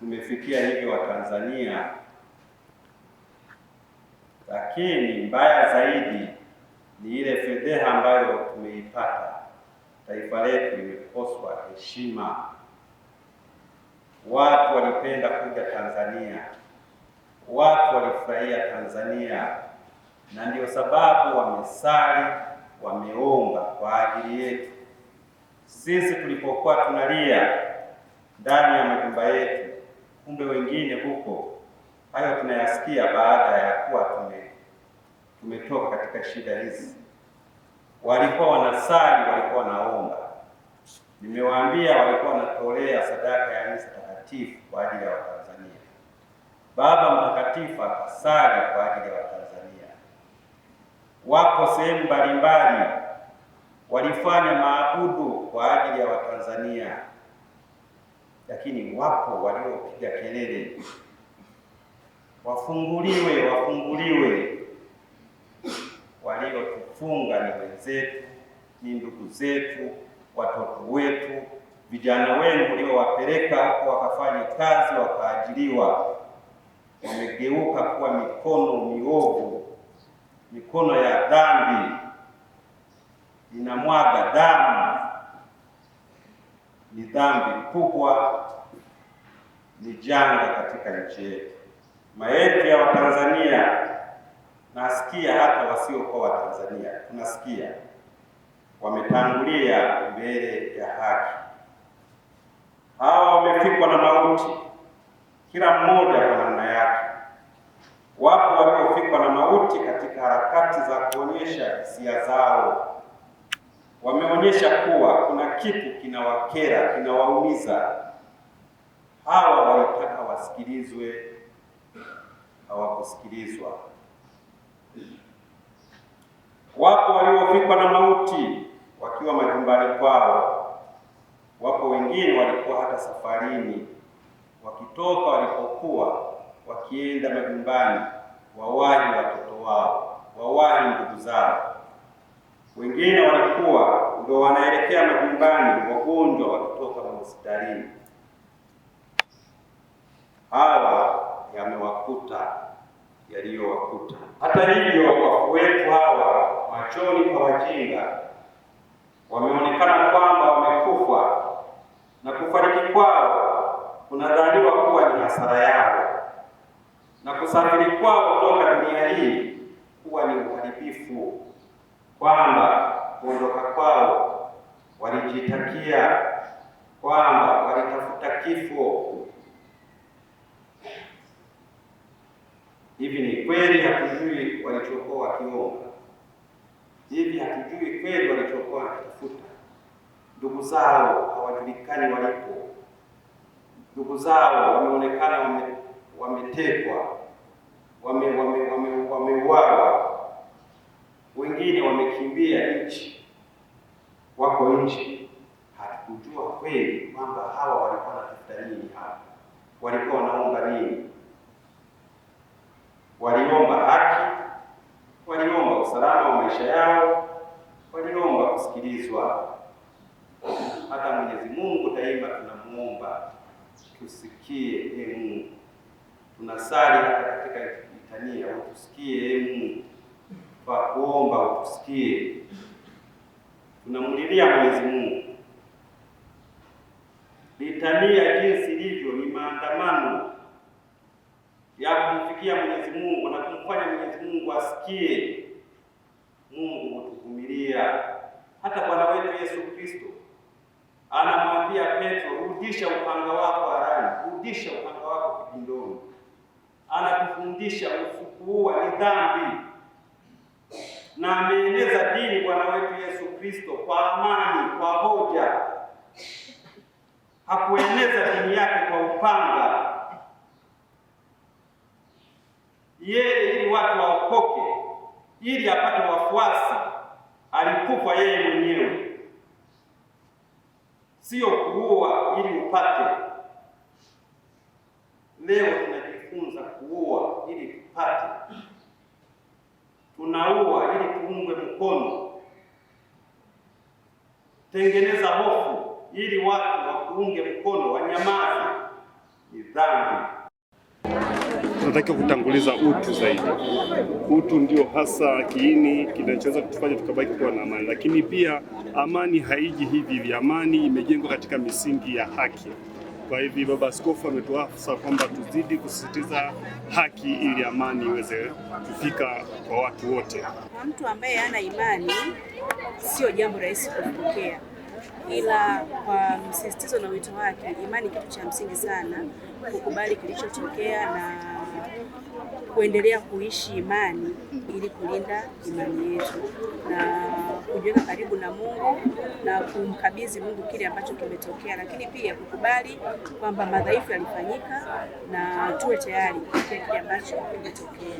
tumefikia hivyo Watanzania, lakini mbaya zaidi ni ile fedheha ambayo tumeipata. Taifa letu limekoswa heshima. Watu walipenda kuja Tanzania, watu walifurahia Tanzania, na ndio sababu wamesali, wameomba kwa ajili yetu. Sisi tulipokuwa tunalia ndani ya majumba yetu kumbe wengine huko. Hayo tunayasikia baada ya kuwa tume tumetoka katika shida hizi. Walikuwa wanasali, walikuwa wanaomba, nimewaambia walikuwa wanatolea sadaka ya misa takatifu kwa ajili ya Watanzania. Baba Mtakatifu akasali kwa ajili ya Watanzania. Wapo sehemu mbalimbali walifanya maabudu kwa ajili ya Watanzania lakini wapo waliopiga kelele, wafunguliwe, wafunguliwe. Waliotufunga ni wenzetu, ni ndugu zetu, watoto wetu, vijana wenu uliowapeleka huko wakafanya kazi wakaajiriwa, wamegeuka kuwa mikono miovu, mikono ya dhambi inamwaga damu ni dhambi kubwa, ni janga katika nchi yetu. Maelfu ya Watanzania nasikia hata wasiokuwa Watanzania tunasikia wametangulia mbele ya haki. Hawa wamefikwa na mauti, kila mmoja kwa namna yake. Wapo waliofikwa na mauti katika harakati za kuonyesha hisia zao wameonyesha kuwa kuna kitu kinawakera, kinawaumiza. Hawa walitaka wasikilizwe, hawakusikilizwa. Wapo waliofikwa na mauti wakiwa majumbani kwao, wapo wengine walikuwa hata safarini, wakitoka walipokuwa wakienda majumbani, wawahi watoto wao, wawahi ndugu zao wengine wanakuwa ndio wanaelekea majumbani, wagonjwa wakitoka hospitalini. Hawa yamewakuta yaliyowakuta. Hata hivyo, wafu wetu hawa machoni kwa wajinga wameonekana kwamba wamekufa na kufariki kwao kunadhaniwa kuwa ni hasara yao na kusafiri kwao kutoka dunia hii kuwa ni uharibifu kwamba kuondoka kwao walijitakia, kwamba walitafuta kifo. Hivi ni kweli hatujui walichokuwa wakiomba? Hivi hatujui kweli walichokuwa wakitafuta? Ndugu zao hawajulikani walipo, ndugu zao wameonekana wametekwa, wame wame, wame, wame wengine wamekimbia nchi, wako nje. Hatukujua kweli kwamba hawa walikuwa wanatafuta nini hapa, walikuwa wanaomba nini? Waliomba haki, waliomba usalama wa maisha yao, waliomba kusikilizwa. Hata Mwenyezi Mungu daima tunamuomba tusikie, e Mungu, tunasali hata katika litania, utusikie e Mungu kwa kuomba utusikie. Tunamlilia Mwenyezi Mungu. Litania jinsi ilivyo ni maandamano ya kumfikia Mwenyezi Mungu na kumfanya Mwenyezi Mungu asikie. Mungu hutuvumilia. Hata Bwana wetu Yesu Kristo anamwambia Petro, rudisha upanga wako harani, rudisha upanga wako kibindoni. Anatufundisha ufufuo ni dhambi na ameeneza dini Bwana wetu Yesu Kristo kwa amani, kwa hoja. Hakueneza dini yake kwa upanga yeye, ili watu waokoke, ili apate wafuasi. Alikufa yeye mwenyewe, sio kuua ili upate. Leo tunajifunza kuua ili tupate tunaua ili tuungwe mkono, tengeneza hofu ili watu wakuunge mkono, wanyamaze. Ni dhambi. Tunatakiwa kutanguliza utu zaidi. Utu ndio hasa kiini kinachoweza kutufanya tukabaki kuwa na amani, lakini pia amani haiji hivi hivi. Amani imejengwa katika misingi ya haki. Kwa hivi baba askofu ametuasa kwamba tuzidi kusisitiza haki ili amani iweze kufika kwa watu wote. Mtu ambaye hana imani sio jambo rahisi kupokea, ila kwa msisitizo na wito wake, imani kitu cha msingi sana, kukubali kilichotokea na kuendelea kuishi imani ili kulinda imani yetu na kujiweka karibu na Mungu na kumkabidhi Mungu kile ambacho kimetokea, lakini pia kukubali kwamba madhaifu yalifanyika na tuwe tayari kwa kile ambacho kimetokea.